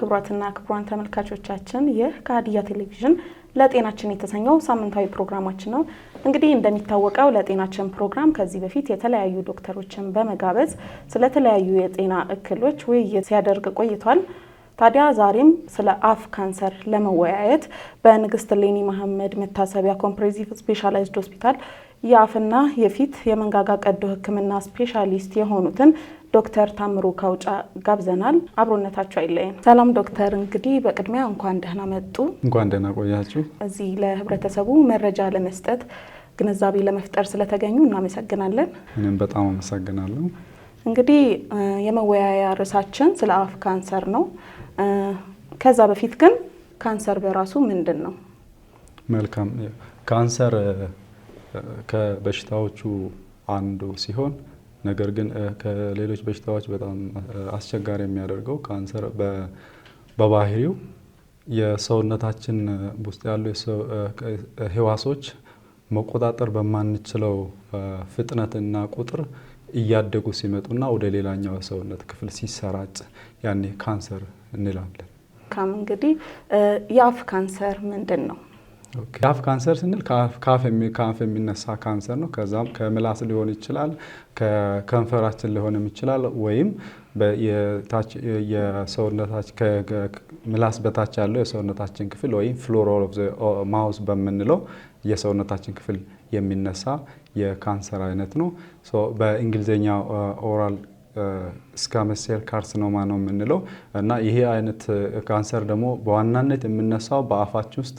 ክቡራትና ክቡራን ተመልካቾቻችን ይህ ከሀዲያ ቴሌቪዥን ለጤናችን የተሰኘው ሳምንታዊ ፕሮግራማችን ነው። እንግዲህ እንደሚታወቀው ለጤናችን ፕሮግራም ከዚህ በፊት የተለያዩ ዶክተሮችን በመጋበዝ ስለተለያዩ የጤና እክሎች ውይይት ሲያደርግ ቆይቷል። ታዲያ ዛሬም ስለ አፍ ካንሰር ለመወያየት በንግስት ሌኒ መሐመድ መታሰቢያ ኮምፕሬሄንሲቭ ስፔሻላይዝድ ሆስፒታል የአፍና የፊት የመንጋጋ ቀዶ ሕክምና ስፔሻሊስት የሆኑትን ዶክተር ታምሩ ካውጫ ጋብዘናል። አብሮነታችሁ አይለየን። ሰላም ዶክተር፣ እንግዲህ በቅድሚያ እንኳን ደህና መጡ። እንኳን ደህና ቆያችሁ። እዚህ ለህብረተሰቡ መረጃ ለመስጠት ግንዛቤ ለመፍጠር ስለተገኙ እናመሰግናለን። እኔም በጣም አመሰግናለሁ። እንግዲህ የመወያያ ርዕሳችን ስለ አፍ ካንሰር ነው። ከዛ በፊት ግን ካንሰር በራሱ ምንድን ነው? መልካም። ካንሰር ከበሽታዎቹ አንዱ ሲሆን ነገር ግን ከሌሎች በሽታዎች በጣም አስቸጋሪ የሚያደርገው ካንሰር በባህሪው የሰውነታችን ውስጥ ያሉ ህዋሶች መቆጣጠር በማንችለው ፍጥነትና ቁጥር እያደጉ ሲመጡና ወደ ሌላኛው ሰውነት ክፍል ሲሰራጭ ያኔ ካንሰር እንላለን። ካም እንግዲህ የአፍ ካንሰር ምንድን ነው? የአፍ ካንሰር ስንል ከአፍ የሚነሳ ካንሰር ነው። ከዛም ከምላስ ሊሆን ይችላል፣ ከከንፈራችን ሊሆንም ይችላል ወይም ምላስ በታች ያለው የሰውነታችን ክፍል ወይም ፍሎር ኦፍ ማውስ በምንለው የሰውነታችን ክፍል የሚነሳ የካንሰር አይነት ነው። በእንግሊዝኛ ኦራል ስካመስ ሴል ካርሲኖማ ነው የምንለው እና ይሄ አይነት ካንሰር ደግሞ በዋናነት የምነሳው በአፋችን ውስጥ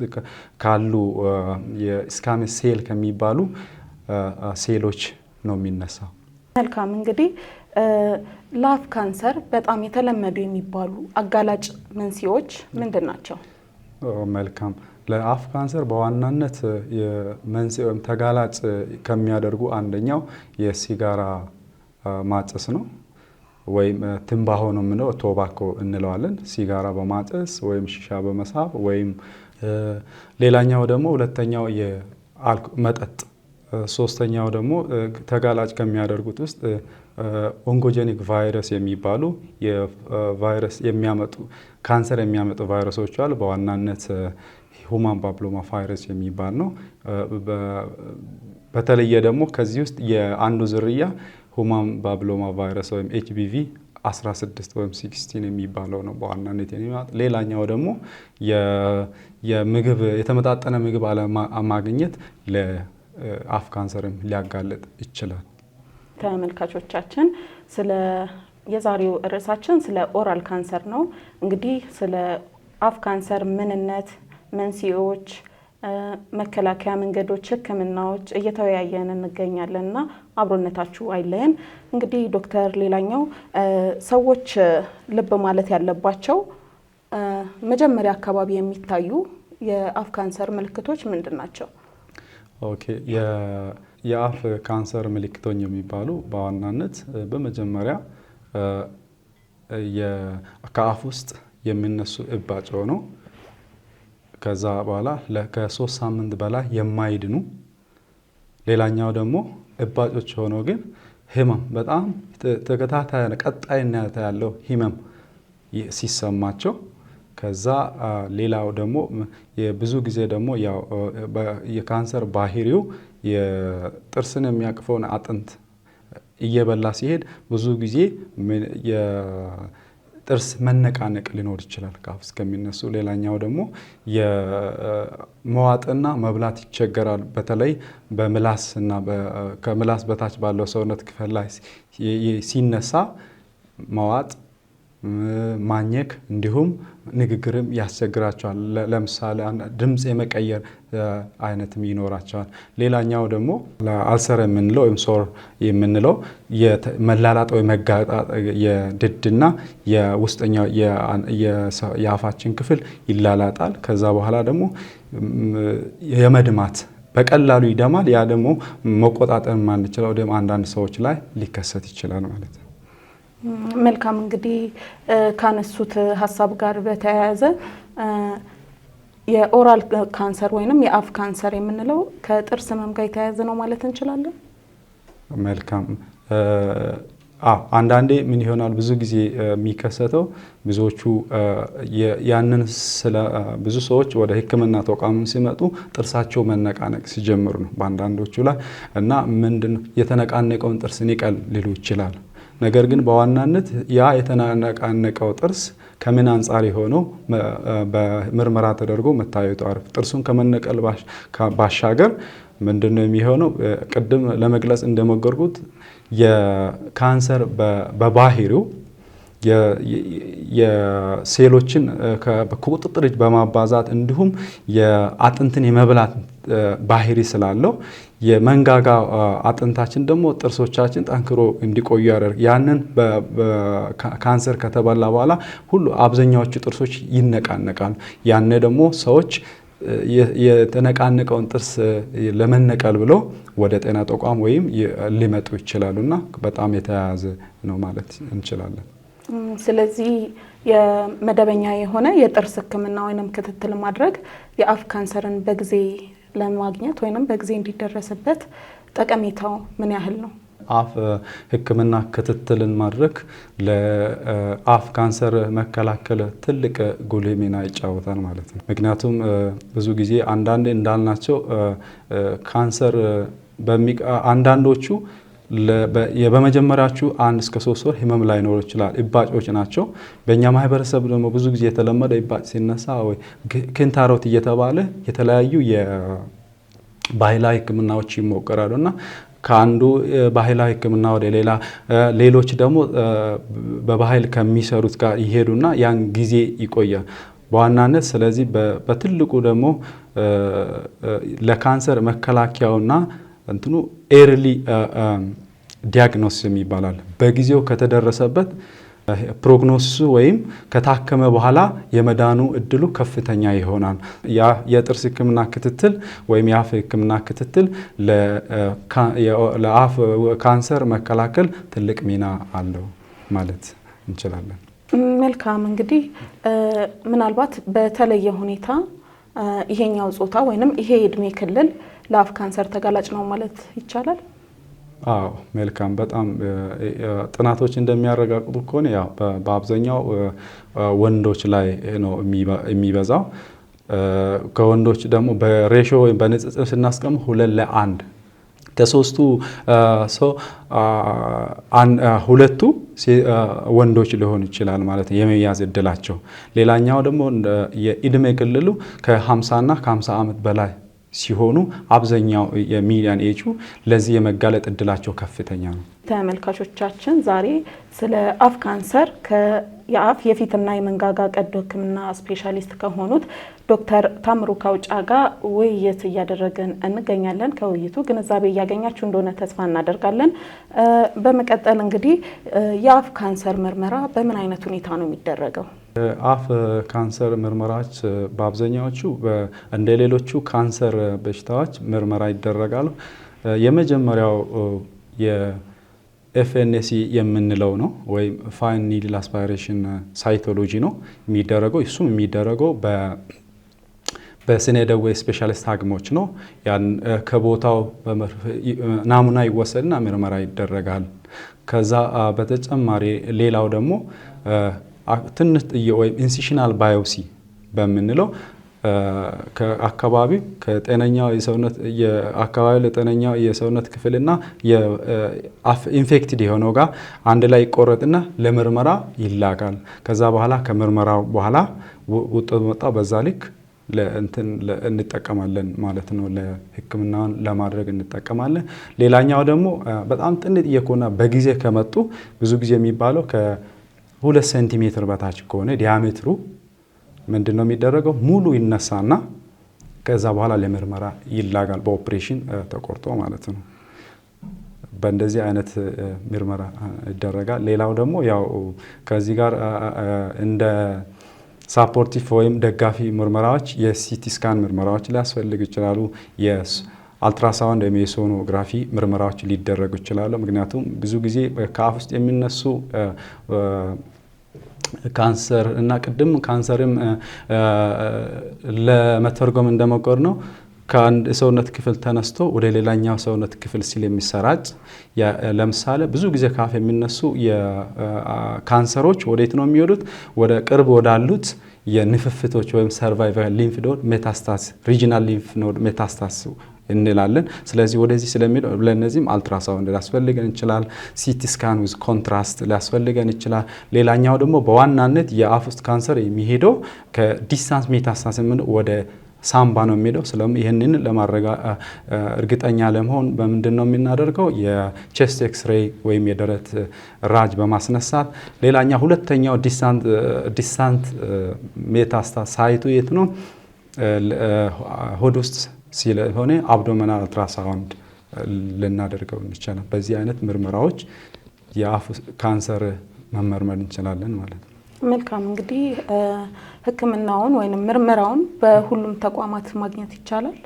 ካሉ የስካመስ ሴል ከሚባሉ ሴሎች ነው የሚነሳው። መልካም እንግዲህ ለአፍ ካንሰር በጣም የተለመዱ የሚባሉ አጋላጭ መንስኤዎች ምንድን ናቸው? መልካም ለአፍ ካንሰር በዋናነት መንስኤ ወይም ተጋላጭ ከሚያደርጉ አንደኛው የሲጋራ ማጨስ ነው። ወይም ትንባሆ ነው የምንለው፣ ቶባኮ እንለዋለን። ሲጋራ በማጨስ ወይም ሺሻ በመሳብ ወይም ሌላኛው ደግሞ ሁለተኛው መጠጥ፣ ሶስተኛው ደግሞ ተጋላጭ ከሚያደርጉት ውስጥ ኦንኮጀኒክ ቫይረስ የሚባሉ የቫይረስ የሚያመጡ ካንሰር የሚያመጡ ቫይረሶች አሉ። በዋናነት ሁማን ፓፕሎማ ቫይረስ የሚባል ነው። በተለየ ደግሞ ከዚህ ውስጥ የአንዱ ዝርያ ሁማን ባብሎማ ቫይረስ ወይም ኤችቢቪ 16 ወይም 16 የሚባለው ነው በዋናነት የሚመጣ። ሌላኛው ደግሞ የምግብ የተመጣጠነ ምግብ አለማግኘት ለአፍ ካንሰርም ሊያጋለጥ ይችላል። ተመልካቾቻችን ስለ የዛሬው ርዕሳችን ስለ ኦራል ካንሰር ነው። እንግዲህ ስለ አፍ ካንሰር ምንነት፣ መንስኤዎች መከላከያ መንገዶች፣ ህክምናዎች እየተወያየን እንገኛለን እና አብሮነታችሁ አይለየን። እንግዲህ ዶክተር፣ ሌላኛው ሰዎች ልብ ማለት ያለባቸው መጀመሪያ አካባቢ የሚታዩ የአፍ ካንሰር ምልክቶች ምንድን ናቸው? ኦኬ የአፍ ካንሰር ምልክቶች የሚባሉ በዋናነት በመጀመሪያ ከአፍ ውስጥ የሚነሱ እባጭ ሆነው ከዛ በኋላ ከሶስት ሳምንት በላይ የማይድኑ ሌላኛው ደግሞ እባጮች የሆነው ግን ህመም በጣም ተከታታይ ቀጣይነት ያለው ህመም ሲሰማቸው ከዛ ሌላው ደግሞ ብዙ ጊዜ ደግሞ የካንሰር ባህሪው የጥርስን የሚያቅፈውን አጥንት እየበላ ሲሄድ ብዙ ጊዜ ጥርስ መነቃነቅ ሊኖር ይችላል ከአፍ እስከሚነሱ። ሌላኛው ደግሞ የመዋጥና መብላት ይቸገራል። በተለይ በምላስ እና ከምላስ በታች ባለው ሰውነት ክፍል ላይ ሲነሳ መዋጥ ማኘክ እንዲሁም ንግግርም ያስቸግራቸዋል። ለምሳሌ ድምፅ የመቀየር አይነትም ይኖራቸዋል። ሌላኛው ደግሞ ለአልሰር የምንለው ወይም ሶር የምንለው መላላጥ ወይ መጋጣጥ የድድና የውስጠኛው የአፋችን ክፍል ይላላጣል። ከዛ በኋላ ደግሞ የመድማት በቀላሉ ይደማል። ያ ደግሞ መቆጣጠር ማንችለው ወይም አንዳንድ ሰዎች ላይ ሊከሰት ይችላል ማለት ነው። መልካም እንግዲህ ካነሱት ሀሳብ ጋር በተያያዘ የኦራል ካንሰር ወይንም የአፍ ካንሰር የምንለው ከጥርስ ህመም ጋር የተያያዘ ነው ማለት እንችላለን። መልካም አንዳንዴ ምን ይሆናል ብዙ ጊዜ የሚከሰተው ብዙዎቹ ያንን ብዙ ሰዎች ወደ ሕክምና ተቋም ሲመጡ ጥርሳቸው መነቃነቅ ሲጀምሩ ነው በአንዳንዶቹ ላይ እና ምንድን የተነቃነቀውን ጥርስን ይቀል ሊሉ ይችላል ነገር ግን በዋናነት ያ የተናነቃነቀው ጥርስ ከምን አንጻር የሆነው በምርመራ ተደርጎ መታየቱ አሪፍ። ጥርሱን ከመነቀል ባሻገር ምንድን ነው የሚሆነው? ቅድም ለመግለጽ እንደሞገርኩት የካንሰር በባህሪው የሴሎችን ከቁጥጥር በማባዛት እንዲሁም የአጥንትን የመብላት ባህሪ ስላለው የመንጋጋ አጥንታችን ደግሞ ጥርሶቻችን ጠንክሮ እንዲቆዩ ያደርግ። ያንን ካንሰር ከተበላ በኋላ ሁሉ አብዛኛዎቹ ጥርሶች ይነቃነቃሉ። ያኔ ደግሞ ሰዎች የተነቃነቀውን ጥርስ ለመነቀል ብለው ወደ ጤና ተቋም ወይም ሊመጡ ይችላሉ እና በጣም የተያያዘ ነው ማለት እንችላለን። ስለዚህ የመደበኛ የሆነ የጥርስ ሕክምና ወይም ክትትል ማድረግ የአፍ ካንሰርን በጊዜ ለማግኘት ወይም በጊዜ እንዲደረስበት ጠቀሜታው ምን ያህል ነው? አፍ ሕክምና ክትትልን ማድረግ ለአፍ ካንሰር መከላከል ትልቅ ጉልህ ሚና ይጫወታል ማለት ነው። ምክንያቱም ብዙ ጊዜ አንዳንዴ እንዳልናቸው ካንሰር አንዳንዶቹ በመጀመሪያዎቹ አንድ እስከ ሶስት ወር ህመም ላይኖር ይችላል። እባጮች ናቸው። በእኛ ማህበረሰብ ደግሞ ብዙ ጊዜ የተለመደ እባጭ ሲነሳ ወይ ክንታሮት እየተባለ የተለያዩ የባህላዊ ህክምናዎች ይሞከራሉ እና ከአንዱ ባህላዊ ህክምና ወደ ሌላ ሌሎች ደግሞ በባህል ከሚሰሩት ጋር ይሄዱና ያን ጊዜ ይቆያል በዋናነት ስለዚህ በትልቁ ደግሞ ለካንሰር መከላከያውና እንትኑ ኤርሊ ዲያግኖስ ይባላል። በጊዜው ከተደረሰበት ፕሮግኖሱ ወይም ከታከመ በኋላ የመዳኑ እድሉ ከፍተኛ ይሆናል። ያ የጥርስ ሕክምና ክትትል ወይም የአፍ ሕክምና ክትትል ለአፍ ካንሰር መከላከል ትልቅ ሚና አለው ማለት እንችላለን። መልካም እንግዲህ ምናልባት በተለየ ሁኔታ ይሄኛው ጾታ ወይንም ይሄ የእድሜ ክልል ለአፍ ካንሰር ተጋላጭ ነው ማለት ይቻላል? አዎ መልካም። በጣም ጥናቶች እንደሚያረጋግጡ ከሆነ ያው በአብዛኛው ወንዶች ላይ ነው የሚበዛው። ከወንዶች ደግሞ በሬሾ ወይም በንጽጽር ስናስቀም ሁለት ለአንድ ከሶስቱ ሰው ሁለቱ ወንዶች ሊሆን ይችላል ማለት የመያዝ እድላቸው። ሌላኛው ደግሞ የእድሜ ክልሉ ከ50 እና ከ50 ዓመት በላይ ሲሆኑ አብዛኛው የሚዲያን ኤጁ ለዚህ የመጋለጥ እድላቸው ከፍተኛ ነው። ተመልካቾቻችን ዛሬ ስለ አፍ ካንሰር የአፍ የፊትና የመንጋጋ ቀዶ ሕክምና ስፔሻሊስት ከሆኑት ዶክተር ታምሩ ካውጫ ጋር ውይይት እያደረግን እንገኛለን። ከውይይቱ ግንዛቤ እያገኛችሁ እንደሆነ ተስፋ እናደርጋለን። በመቀጠል እንግዲህ የአፍ ካንሰር ምርመራ በምን አይነት ሁኔታ ነው የሚደረገው? አፍ ካንሰር ምርመራዎች በአብዛኛዎቹ እንደ ሌሎቹ ካንሰር በሽታዎች ምርመራ ይደረጋሉ። የመጀመሪያው ኤፍኤንሲ የምንለው ነው ወይም ፋይን ኒድል አስፓይሬሽን ሳይቶሎጂ ነው የሚደረገው። እሱም የሚደረገው በስነ ደዌ ስፔሻሊስት ሐኪሞች ነው። ያን ከቦታው ናሙና ይወሰድና ምርመራ ይደረጋል። ከዛ በተጨማሪ ሌላው ደግሞ ትንሽ ወይም ኢንሲሽናል ባዮሲ በምንለው አካባቢ ከጤነኛው የሰውነት የአካባቢ ለጤነኛው የሰውነት ክፍልና ኢንፌክትድ የሆነው ጋር አንድ ላይ ይቆረጥና ለምርመራ ይላካል። ከዛ በኋላ ከምርመራው በኋላ ውጤት መጣ፣ በዛ ልክ ለእንትን እንጠቀማለን ማለት ነው። ለሕክምናውን ለማድረግ እንጠቀማለን። ሌላኛው ደግሞ በጣም ጥንት እየኮና በጊዜ ከመጡ ብዙ ጊዜ የሚባለው ከሁለት ሴንቲሜትር በታች ከሆነ ዲያሜትሩ ምንድን ነው የሚደረገው? ሙሉ ይነሳና ከዛ በኋላ ለምርመራ ይላጋል። በኦፕሬሽን ተቆርጦ ማለት ነው። በእንደዚህ አይነት ምርመራ ይደረጋል። ሌላው ደግሞ ያው ከዚህ ጋር እንደ ሳፖርቲቭ ወይም ደጋፊ ምርመራዎች የሲቲ ስካን ምርመራዎች ሊያስፈልግ ይችላሉ። አልትራሳውንድ ወይም የሶኖግራፊ ምርመራዎች ሊደረጉ ይችላሉ። ምክንያቱም ብዙ ጊዜ ከአፍ ውስጥ የሚነሱ ካንሰር እና ቅድም ካንሰርም ለመተርጎም እንደሞከር ነው ከአንድ ሰውነት ክፍል ተነስቶ ወደ ሌላኛው ሰውነት ክፍል ሲል የሚሰራጭ ለምሳሌ ብዙ ጊዜ ካፍ የሚነሱ ካንሰሮች ወዴት ነው የሚሄዱት? ወደ ቅርብ ወዳሉት የንፍፍቶች ወይም ሰርቫይቫል ሊንፍ ኖድ ሜታስታስ ሪጂናል ሊንፍ ኖድ ሜታስታስ እንላለን። ስለዚህ ወደዚህ ስለሚሄድ ለእነዚህም አልትራሳውንድ ሊያስፈልገን ይችላል። ሲቲ ስካን ዊዝ ኮንትራስት ሊያስፈልገን ይችላል። ሌላኛው ደግሞ በዋናነት የአፍ ውስጥ ካንሰር የሚሄደው ከዲስታንስ ሜታስታሲስ ወደ ሳምባ ነው የሚሄደው። ስለም ይህንን ለማረጋ እርግጠኛ ለመሆን በምንድን ነው የምናደርገው? የቼስት ኤክስሬይ ወይም የደረት ራጅ በማስነሳት ሌላኛ ሁለተኛው ዲስታንት ሜታስታ ሳይቱ የት ነው? ሆድ ውስጥ ስለሆነ አብዶመናል አልትራሳውንድ ልናደርገው እንችላለን። በዚህ አይነት ምርመራዎች የአፍ ካንሰር መመርመር እንችላለን ማለት ነው። መልካም እንግዲህ ሕክምናውን ወይም ምርመራውን በሁሉም ተቋማት ማግኘት ይቻላል።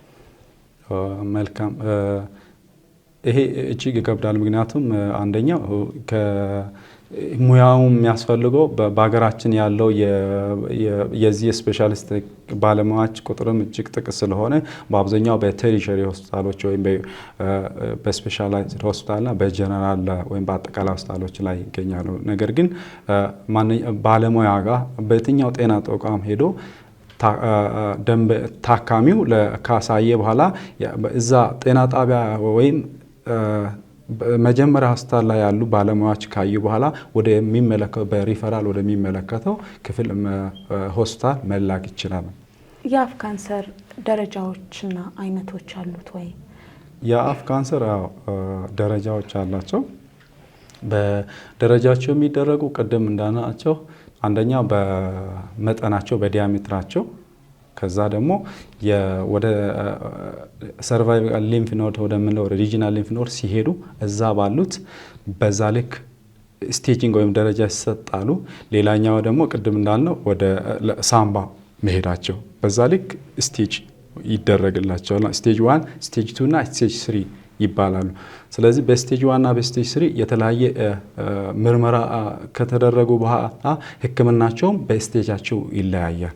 መልካም ይሄ እጅግ ይከብዳል። ምክንያቱም አንደኛው ሙያው የሚያስፈልገው በሀገራችን ያለው የዚህ የስፔሻሊስት ባለሙያዎች ቁጥርም እጅግ ጥቅስ ስለሆነ በአብዛኛው በቴሪሸሪ ሆስፒታሎች ወይም በስፔሻላይዝድ ሆስፒታልና በጀነራል ወይም በአጠቃላይ ሆስፒታሎች ላይ ይገኛሉ። ነገር ግን ባለሙያ ጋር በየትኛው ጤና ተቋም ሄዶ ታካሚው ካሳየ በኋላ እዛ ጤና ጣቢያ ወይም መጀመሪያ ሆስፒታል ላይ ያሉ ባለሙያዎች ካዩ በኋላ በሪፈራል ወደሚመለከተው ክፍል ሆስፒታል መላክ ይችላል። የአፍ ካንሰር ደረጃዎችና አይነቶች አሉት ወይ? የአፍ ካንሰር ደረጃዎች አላቸው። በደረጃቸው የሚደረጉ ቅድም እንዳናቸው አንደኛው በመጠናቸው በዲያሜትራቸው ከዛ ደግሞ ወደ ሰርቫይቫል ሊምፍ ኖድ ወደምንለው ሪጂናል ሊምፍ ኖድ ሲሄዱ እዛ ባሉት በዛ ልክ ስቴጂንግ ወይም ደረጃ ይሰጣሉ። ሌላኛው ደግሞ ቅድም እንዳልነው ወደ ሳምባ መሄዳቸው በዛ ልክ ስቴጅ ይደረግላቸዋል። ስቴጅ ዋን፣ ስቴጅ ቱ እና ስቴጅ ስሪ ይባላሉ። ስለዚህ በስቴጅ ዋና በስቴጅ ስሪ የተለያየ ምርመራ ከተደረጉ በኋላ ሕክምናቸውም በስቴጃቸው ይለያያል።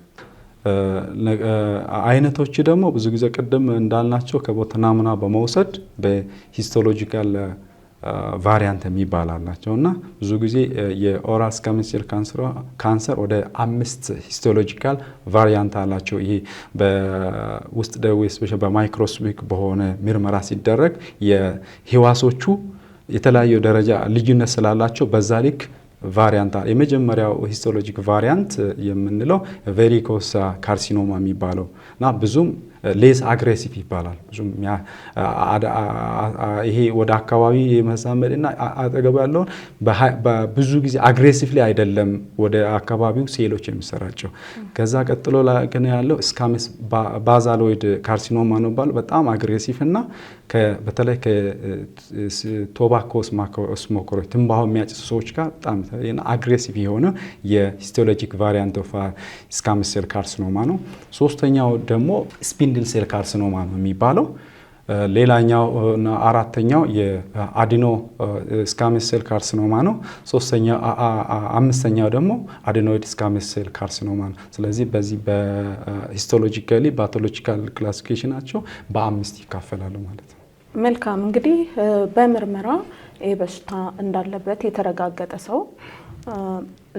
አይነቶች ደግሞ ብዙ ጊዜ ቅድም እንዳልናቸው ከቦታ ናሙና በመውሰድ በሂስቶሎጂካል ቫሪያንት የሚባል አላቸው እና ብዙ ጊዜ የኦራል ስካመንስር ካንሰር ወደ አምስት ሂስቶሎጂካል ቫሪያንት አላቸው። ይሄ በውስጥ ደዌ ስፔሻል በማይክሮስኮፒክ በሆነ ምርመራ ሲደረግ የህዋሶቹ የተለያዩ ደረጃ ልዩነት ስላላቸው በዛ ልክ ቫሪያንት አለ። የመጀመሪያው ሂስቶሎጂክ ቫሪያንት የምንለው ቬሪኮሳ ካርሲኖማ የሚባለው እና ብዙም ሌስ አግሬሲቭ ይባላል። ይሄ ወደ አካባቢ የመዛመድ እና አጠገቡ ያለውን ብዙ ጊዜ አግሬሲቭ ላይ አይደለም ወደ አካባቢው ሴሎች የሚሰራጨው። ከዛ ቀጥሎ ግን ያለው ስካመስ ባዛሎይድ ካርሲኖማ ነው ባለው በጣም አግሬሲቭ እና በተለይ ከቶባኮ ስሞከሮች ትንባሆ የሚያጭሱ ሰዎች ጋር በጣም አግሬሲቭ የሆነ የሂስቶሎጂክ ቫሪያንት ኦፍ ስካመስ ካርሲኖማ ነው። ሶስተኛው ደግሞ ስፒ ሲንግል ሴል ካርሲኖማ ነው የሚባለው። ሌላኛው አራተኛው የአዲኖ ስካሜስ ሴል ካርሲኖማ ነው። ሶስተኛው አምስተኛው ደግሞ አዲኖይድ ስካሜስ ሴል ካርሲኖማ ነው። ስለዚህ በዚህ በሂስቶሎጂካሊ ባቶሎጂካል ክላሲፊኬሽናቸው በአምስት ይካፈላሉ ማለት ነው። መልካም እንግዲህ በምርመራ ይህ በሽታ እንዳለበት የተረጋገጠ ሰው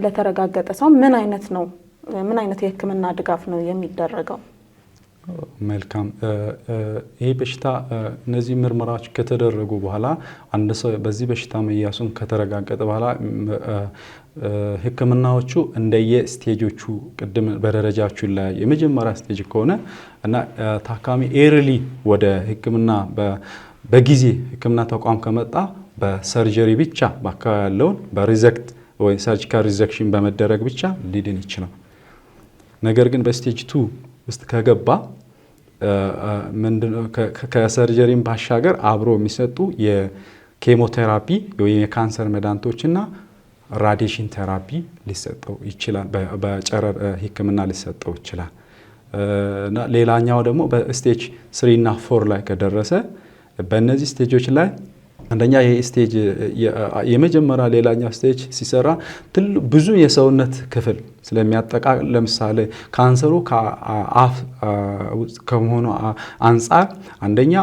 ለተረጋገጠ ሰው ምን አይነት ነው ምን አይነት የህክምና ድጋፍ ነው የሚደረገው? መልካም ይሄ በሽታ እነዚህ ምርመራዎች ከተደረጉ በኋላ አንድ ሰው በዚህ በሽታ መያሱን ከተረጋገጠ በኋላ ህክምናዎቹ እንደየ ስቴጆቹ ቅድም በደረጃችሁ ላይ የመጀመሪያ ስቴጅ ከሆነ እና ታካሚ ኤርሊ ወደ ህክምና በጊዜ ህክምና ተቋም ከመጣ በሰርጀሪ ብቻ በአካባቢ ያለውን በሪዘክት ወይ ሰርጂካል ሪዘክሽን በመደረግ ብቻ ሊድን ይችላል። ነገር ግን በስቴጅ ቱ ውስጥ ከገባ ከሰርጀሪም ባሻገር አብሮ የሚሰጡ የኬሞቴራፒ ወይም የካንሰር መድኃኒቶችና ራዲሽን ቴራፒ ሊሰጠው ይችላል። በጨረር ሕክምና ሊሰጠው ይችላል። ሌላኛው ደግሞ በስቴጅ ስሪ እና ፎር ላይ ከደረሰ በእነዚህ ስቴጆች ላይ አንደኛ ይሄ ስቴጅ የመጀመሪያ ሌላኛው ስቴጅ ሲሰራ ብዙ የሰውነት ክፍል ስለሚያጠቃ ለምሳሌ ካንሰሩ ከአፍ ከመሆኑ አንጻር አንደኛ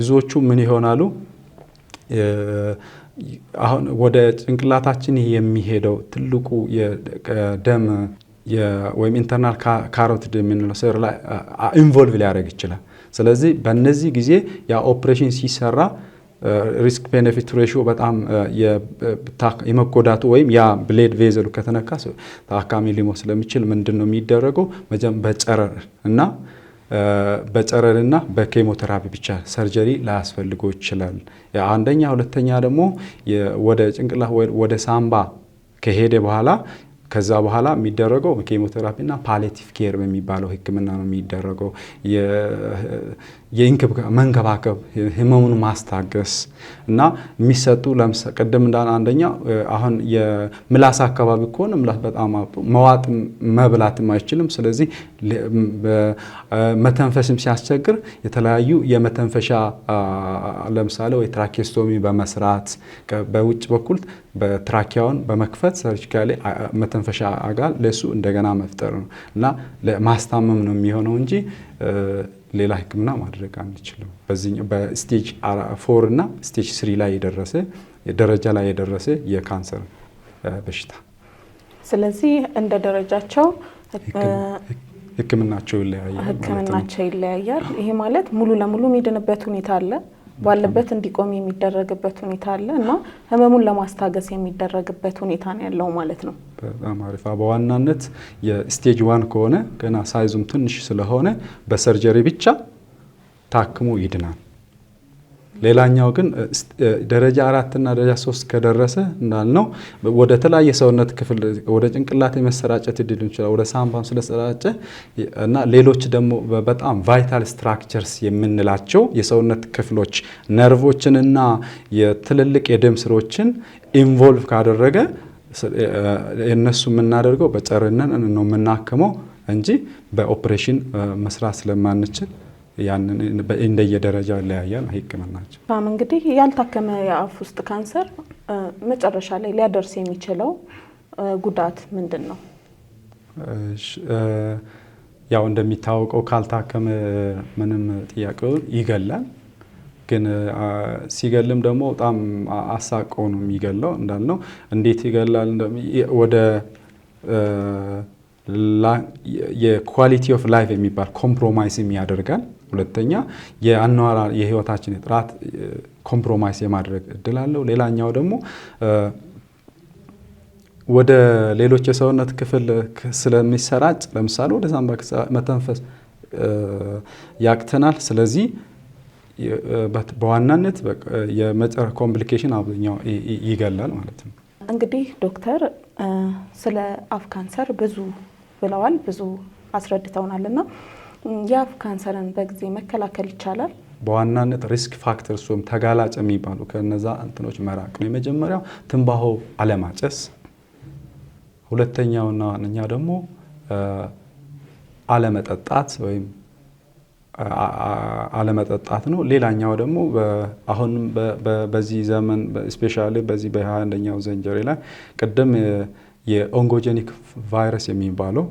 ብዙዎቹ ምን ይሆናሉ? አሁን ወደ ጭንቅላታችን የሚሄደው ትልቁ ደም ወይም ኢንተርናል ካሮቲድ የምንለው ስር ላይ ኢንቮልቭ ሊያደርግ ይችላል። ስለዚህ በእነዚህ ጊዜ ያ ኦፕሬሽን ሲሰራ ሪስክ ቤኔፊት ሬሽዮ በጣም የመጎዳቱ ወይም ያ ብሌድ ቬዘሉ ከተነካ ታካሚ ሊሞ ስለሚችል ምንድን ነው የሚደረገው? በጨረር እና በጨረርና በኬሞቴራፒ ብቻ ሰርጀሪ ላያስፈልገው ይችላል። አንደኛ፣ ሁለተኛ ደግሞ ወደ ጭንቅላ ወደ ሳምባ ከሄደ በኋላ ከዛ በኋላ የሚደረገው ኬሞቴራፒና ፓሌቲቭ ኬር በሚባለው ሕክምና ነው የሚደረገው። መንከባከብ ህመሙን ማስታገስ እና የሚሰጡ ቅድም እንዳን አንደኛ አሁን የምላስ አካባቢ ከሆነ ምላስ በጣም መዋጥ መብላትም አይችልም። ስለዚህ መተንፈስም ሲያስቸግር የተለያዩ የመተንፈሻ ለምሳሌ ወይ ትራኬስቶሚ በመስራት በውጭ በኩል በትራኪያውን በመክፈት ሰርጂካሊ መተንፈሻ አጋል ለሱ እንደገና መፍጠር ነው እና ማስታመም ነው የሚሆነው እንጂ ሌላ ህክምና ማድረግ አንችልም። በስቴጅ ፎር እና ስቴጅ ስሪ ላይ የደረሰ ደረጃ ላይ የደረሰ የካንሰር በሽታ ስለዚህ እንደ ደረጃቸው ህክምናቸው ይለያያል። ይሄ ማለት ሙሉ ለሙሉ የሚድንበት ሁኔታ አለ ባለበት እንዲቆም የሚደረግበት ሁኔታ አለ እና ህመሙን ለማስታገስ የሚደረግበት ሁኔታ ነው ያለው ማለት ነው። በጣም አሪፍ። በዋናነት የስቴጅ ዋን ከሆነ ገና ሳይዙም ትንሽ ስለሆነ በሰርጀሪ ብቻ ታክሞ ይድናል። ሌላኛው ግን ደረጃ አራትና ደረጃ ሶስት ከደረሰ እንዳልነው ወደ ተለያየ ሰውነት ክፍል ወደ ጭንቅላት የመሰራጨት እድል ይችላል። ወደ ሳምባም ስለሰራጨ እና ሌሎች ደግሞ በጣም ቫይታል ስትራክቸርስ የምንላቸው የሰውነት ክፍሎች ነርቮችንና የትልልቅ የደም ስሮችን ኢንቮልቭ ካደረገ እነሱ የምናደርገው በጨርነን ነው የምናክመው እንጂ በኦፕሬሽን መስራት ስለማንችል ያንን እንደየደረጃው ይለያያል። ህክምናቸው እንግዲህ ያልታከመ የአፍ ውስጥ ካንሰር መጨረሻ ላይ ሊያደርስ የሚችለው ጉዳት ምንድን ነው? ያው እንደሚታወቀው ካልታከመ ምንም ጥያቄው ይገላል። ግን ሲገልም ደግሞ በጣም አሳቆ ነው የሚገለው። እንዳልነው እንዴት ይገላል? ወደ የኳሊቲ ኦፍ ላይፍ የሚባል ኮምፕሮማይዝም ያደርጋል። ሁለተኛ የአኗራ የህይወታችን የጥራት ኮምፕሮማይስ የማድረግ እድል አለው። ሌላኛው ደግሞ ወደ ሌሎች የሰውነት ክፍል ስለሚሰራጭ ለምሳሌ ወደ ሳንባ መተንፈስ ያቅተናል። ስለዚህ በዋናነት የመጨረሻ ኮምፕሊኬሽን አብዛኛው ይገላል ማለት ነው። እንግዲህ ዶክተር ስለ አፍ ካንሰር ብዙ ብለዋል፣ ብዙ አስረድተውናል እና የአፍ ካንሰርን በጊዜ መከላከል ይቻላል? በዋናነት ሪስክ ፋክተርስ ወይም ተጋላጭ የሚባሉ ከነዛ እንትኖች መራቅ ነው። የመጀመሪያው ትንባሆ አለማጨስ፣ ሁለተኛውና ዋነኛ ደግሞ አለመጠጣት ወይም አለመጠጣት ነው። ሌላኛው ደግሞ አሁንም በዚህ ዘመን ስፔሻሊ በዚህ በ21ኛው ዘንጀሬ ላይ ቅድም የኦንጎጀኒክ ቫይረስ የሚባለው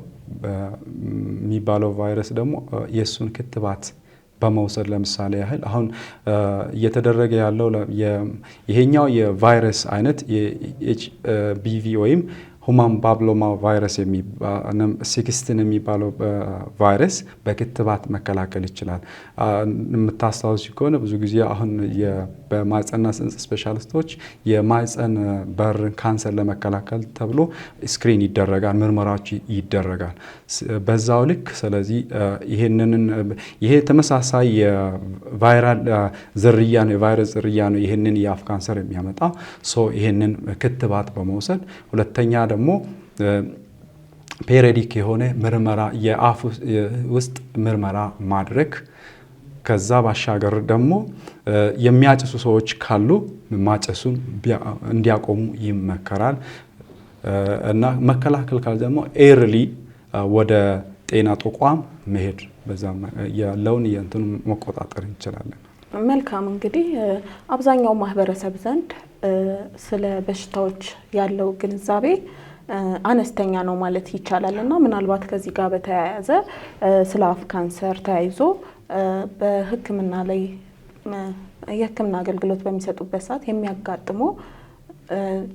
የሚባለው ቫይረስ ደግሞ የእሱን ክትባት በመውሰድ ለምሳሌ ያህል አሁን እየተደረገ ያለው ይሄኛው የቫይረስ አይነት የኤች ቢቪ ወይም ሁማን ፓፕሎማ ቫይረስ ሲክስትን የሚባለው ቫይረስ በክትባት መከላከል ይችላል። የምታስታውሱ ከሆነ ብዙ ጊዜ አሁን በማህፀንና ጽንስ ስፔሻሊስቶች የማፀን በርን ካንሰር ለመከላከል ተብሎ ስክሪን ይደረጋል፣ ምርመራዎች ይደረጋል። በዛው ልክ ስለዚህ ይሄንን ይሄ ተመሳሳይ ቫይራል ዝርያ ነው፣ የቫይረስ ዝርያ ነው ይህንን የአፍ ካንሰር የሚያመጣ ሶ ይህንን ክትባት በመውሰድ ሁለተኛ ደግሞ ፔሬዲክ የሆነ ምርመራ የአፍ ውስጥ ምርመራ ማድረግ ከዛ ባሻገር ደግሞ የሚያጭሱ ሰዎች ካሉ ማጨሱን እንዲያቆሙ ይመከራል እና መከላከል ካል ደግሞ ኤርሊ ወደ ጤና ተቋም መሄድ በዛ ያለውን የእንትኑ መቆጣጠር እንችላለን። መልካም እንግዲህ አብዛኛው ማህበረሰብ ዘንድ ስለ በሽታዎች ያለው ግንዛቤ አነስተኛ ነው ማለት ይቻላል እና ምናልባት ከዚህ ጋር በተያያዘ ስለ አፍ ካንሰር ተያይዞ በሕክምና ላይ የሕክምና አገልግሎት በሚሰጡበት ሰዓት የሚያጋጥሙ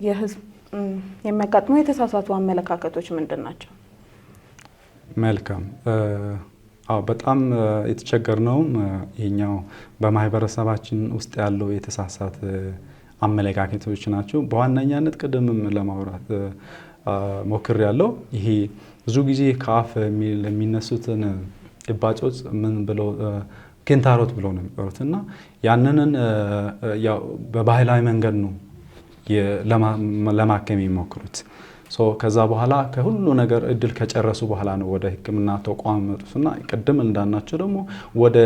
የህዝብ የሚያጋጥሙ የተሳሳቱ አመለካከቶች ምንድን ናቸው? መልካም አዎ በጣም የተቸገርነውም ይኛው በማህበረሰባችን ውስጥ ያለው የተሳሳት አመለካከቶች ናቸው። በዋነኛነት ቅድምም ለማውራት ያለው ይሄ ብዙ ጊዜ ከአፍ የሚነሱትን እባጮች ምን ብለው ኪንታሮት ብለው ነው የሚጠሩት እና ያንንን በባህላዊ መንገድ ነው ለማከም የሚሞክሩት። ከዛ በኋላ ከሁሉ ነገር እድል ከጨረሱ በኋላ ነው ወደ ህክምና ተቋም መጡትና ቅድም እንዳናቸው ደግሞ ወደ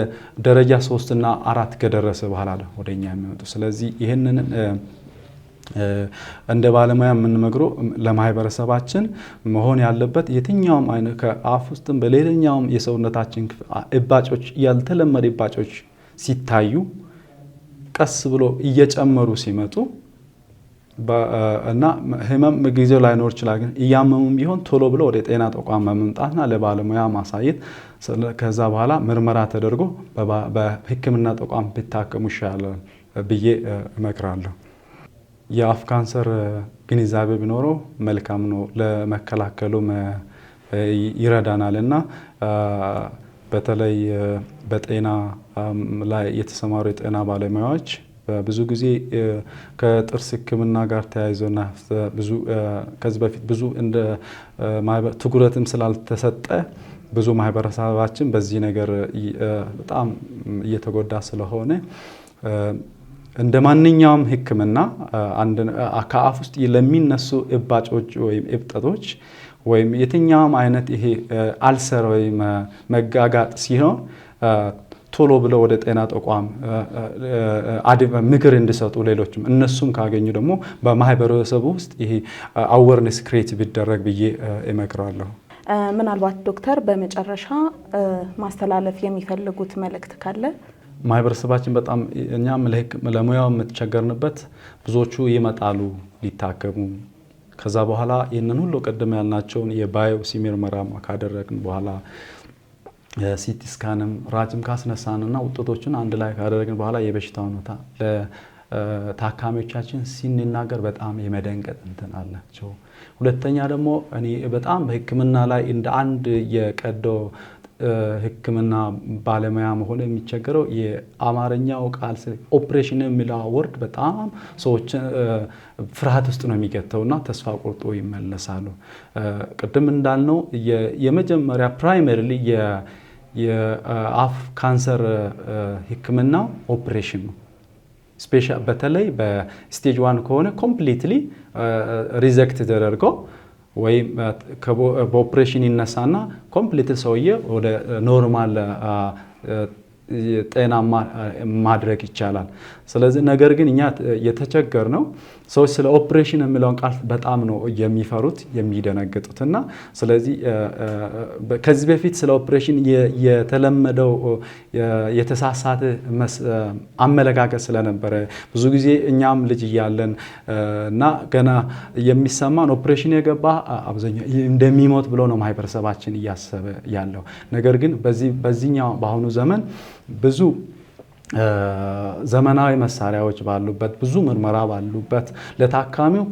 ደረጃ ሶስትና አራት ከደረሰ በኋላ ነው ወደኛ የሚመጡ። ስለዚህ ይህንን እንደ ባለሙያ የምንመግረው ለማህበረሰባችን መሆን ያለበት የትኛውም አይነት ከአፍ ውስጥም በሌላኛውም የሰውነታችን እባጮች ያልተለመደ እባጮች ሲታዩ ቀስ ብሎ እየጨመሩ ሲመጡ እና ህመም ጊዜው ላይኖር ይችላል። ግን እያመሙም ቢሆን ቶሎ ብሎ ወደ ጤና ተቋም መምጣትና ለባለሙያ ማሳየት ከዛ በኋላ ምርመራ ተደርጎ በህክምና ተቋም ቢታከሙ ይሻላል ብዬ እመክራለሁ። የአፍ ካንሰር ግንዛቤ ቢኖረው መልካም ነው፣ ለመከላከሉ ይረዳናል እና በተለይ በጤና ላይ የተሰማሩ የጤና ባለሙያዎች ብዙ ጊዜ ከጥርስ ሕክምና ጋር ተያይዘና ብዙ ከዚህ በፊት ብዙ እንደ ትኩረትም ስላልተሰጠ ብዙ ማህበረሰባችን በዚህ ነገር በጣም እየተጎዳ ስለሆነ እንደ ማንኛውም ሕክምና ከአፍ ውስጥ ለሚነሱ እባጮች ወይም እብጠቶች ወይም የትኛውም አይነት ይሄ አልሰር ወይም መጋጋጥ ሲሆን ቶሎ ብለው ወደ ጤና ተቋም ምክር እንዲሰጡ ሌሎችም እነሱም ካገኙ ደግሞ በማህበረሰቡ ውስጥ ይሄ አወርነስ ክሬት ቢደረግ ብዬ እመክራለሁ። ምናልባት ዶክተር በመጨረሻ ማስተላለፍ የሚፈልጉት መልእክት ካለ? ማህበረሰባችን በጣም እኛም ለሙያው የምትቸገርንበት ብዙዎቹ ይመጣሉ ሊታከሙ ከዛ በኋላ ይህንን ሁሉ ቅድም ያልናቸውን ሲሜር መራማ ካደረግን በኋላ ሲቲ ስካንም ራጅም ካስነሳንና ውጤቶችን አንድ ላይ ካደረግን በኋላ የበሽታ ሁኔታ ታካሚዎቻችን ሲንናገር በጣም የመደንቀጥ እንትን አላቸው። ሁለተኛ ደግሞ እኔ በጣም በሕክምና ላይ እንደ አንድ የቀዶ ሕክምና ባለሙያ መሆን የሚቸገረው የአማርኛው ቃል ኦፕሬሽን የሚለው ወርድ በጣም ሰዎችን ፍርሃት ውስጥ ነው እና ተስፋ ቆርጦ ይመለሳሉ። ቅድም እንዳልነው የመጀመሪያ ፕራይመሪሊ የአፍ ካንሰር ህክምና ኦፕሬሽን ነው። በተለይ በስቴጅ ዋን ከሆነ ኮምፕሊትሊ ሪዘክት ተደርጎ ወይም በኦፕሬሽን ይነሳና ኮምፕሊት ሰውዬ ወደ ኖርማል ጤናማ ማድረግ ይቻላል። ስለዚህ ነገር ግን እኛ የተቸገር ነው ሰዎች ስለ ኦፕሬሽን የሚለውን ቃል በጣም ነው የሚፈሩት የሚደነግጡት። እና ስለዚህ ከዚህ በፊት ስለ ኦፕሬሽን የተለመደው የተሳሳተ አመለካከት ስለነበረ ብዙ ጊዜ እኛም ልጅ እያለን እና ገና የሚሰማን ኦፕሬሽን የገባ አብዛኛው እንደሚሞት ብሎ ነው ማህበረሰባችን እያሰበ ያለው ነገር ግን በዚህኛው በአሁኑ ዘመን ብዙ ዘመናዊ መሳሪያዎች ባሉበት ብዙ ምርመራ ባሉበት ለታካሚው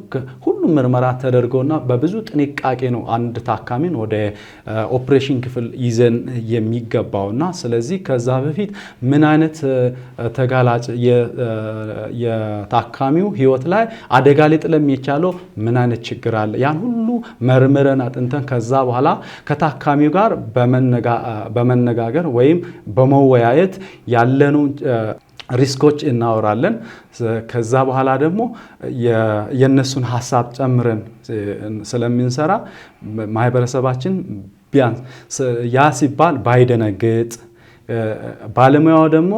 ሁሉም ምርመራ ተደርጎና በብዙ ጥንቃቄ ነው አንድ ታካሚን ወደ ኦፕሬሽን ክፍል ይዘን የሚገባው እና ስለዚህ ከዛ በፊት ምን አይነት ተጋላጭ የታካሚው ህይወት ላይ አደጋ ሊጥል የሚቻለው ምን አይነት ችግር አለ? ያን ሁሉ መርምረን አጥንተን ከዛ በኋላ ከታካሚው ጋር በመነጋገር ወይም በመወያየት ያለነው ሪስኮች እናወራለን። ከዛ በኋላ ደግሞ የእነሱን ሀሳብ ጨምረን ስለምንሰራ ማህበረሰባችን ቢያንስ ያ ሲባል ባይደነግጥ ባለሙያው ደግሞ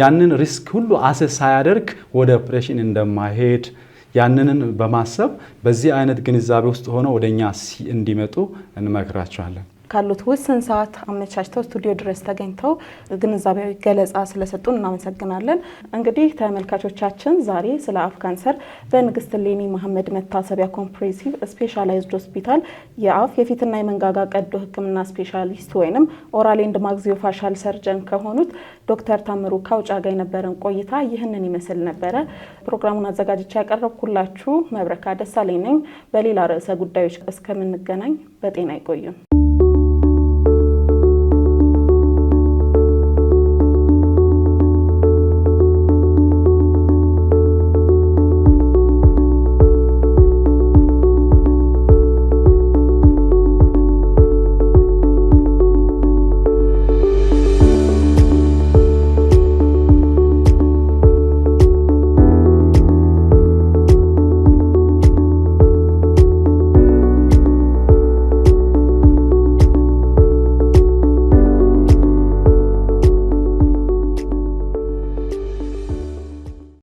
ያንን ሪስክ ሁሉ አሰስ ሳያደርግ ወደ ኦፕሬሽን እንደማይሄድ ያንንን በማሰብ በዚህ አይነት ግንዛቤ ውስጥ ሆነው ወደኛ እንዲመጡ እንመክራቸዋለን። ካሉት ውስን ሰዓት አመቻችተው ስቱዲዮ ድረስ ተገኝተው ግንዛቤያዊ ገለጻ ስለሰጡን እናመሰግናለን። እንግዲህ ተመልካቾቻችን ዛሬ ስለ አፍ ካንሰር በንግስት ሌኒ መሐመድ መታሰቢያ ኮምፕሬሄንሲቭ ስፔሻላይዝድ ሆስፒታል የአፍ የፊትና የመንጋጋ ቀዶ ሕክምና ስፔሻሊስት ወይም ኦራል ኤንድ ማግዚዮ ፋሻል ሰርጀን ከሆኑት ዶክተር ታምሩ ካውጫ ጋር የነበረን ቆይታ ይህንን ይመስል ነበረ። ፕሮግራሙን አዘጋጅቻ ያቀረብኩላችሁ መብረካ ደሳለኝ ነኝ። በሌላ ርዕሰ ጉዳዮች እስከምንገናኝ በጤና ይቆዩን።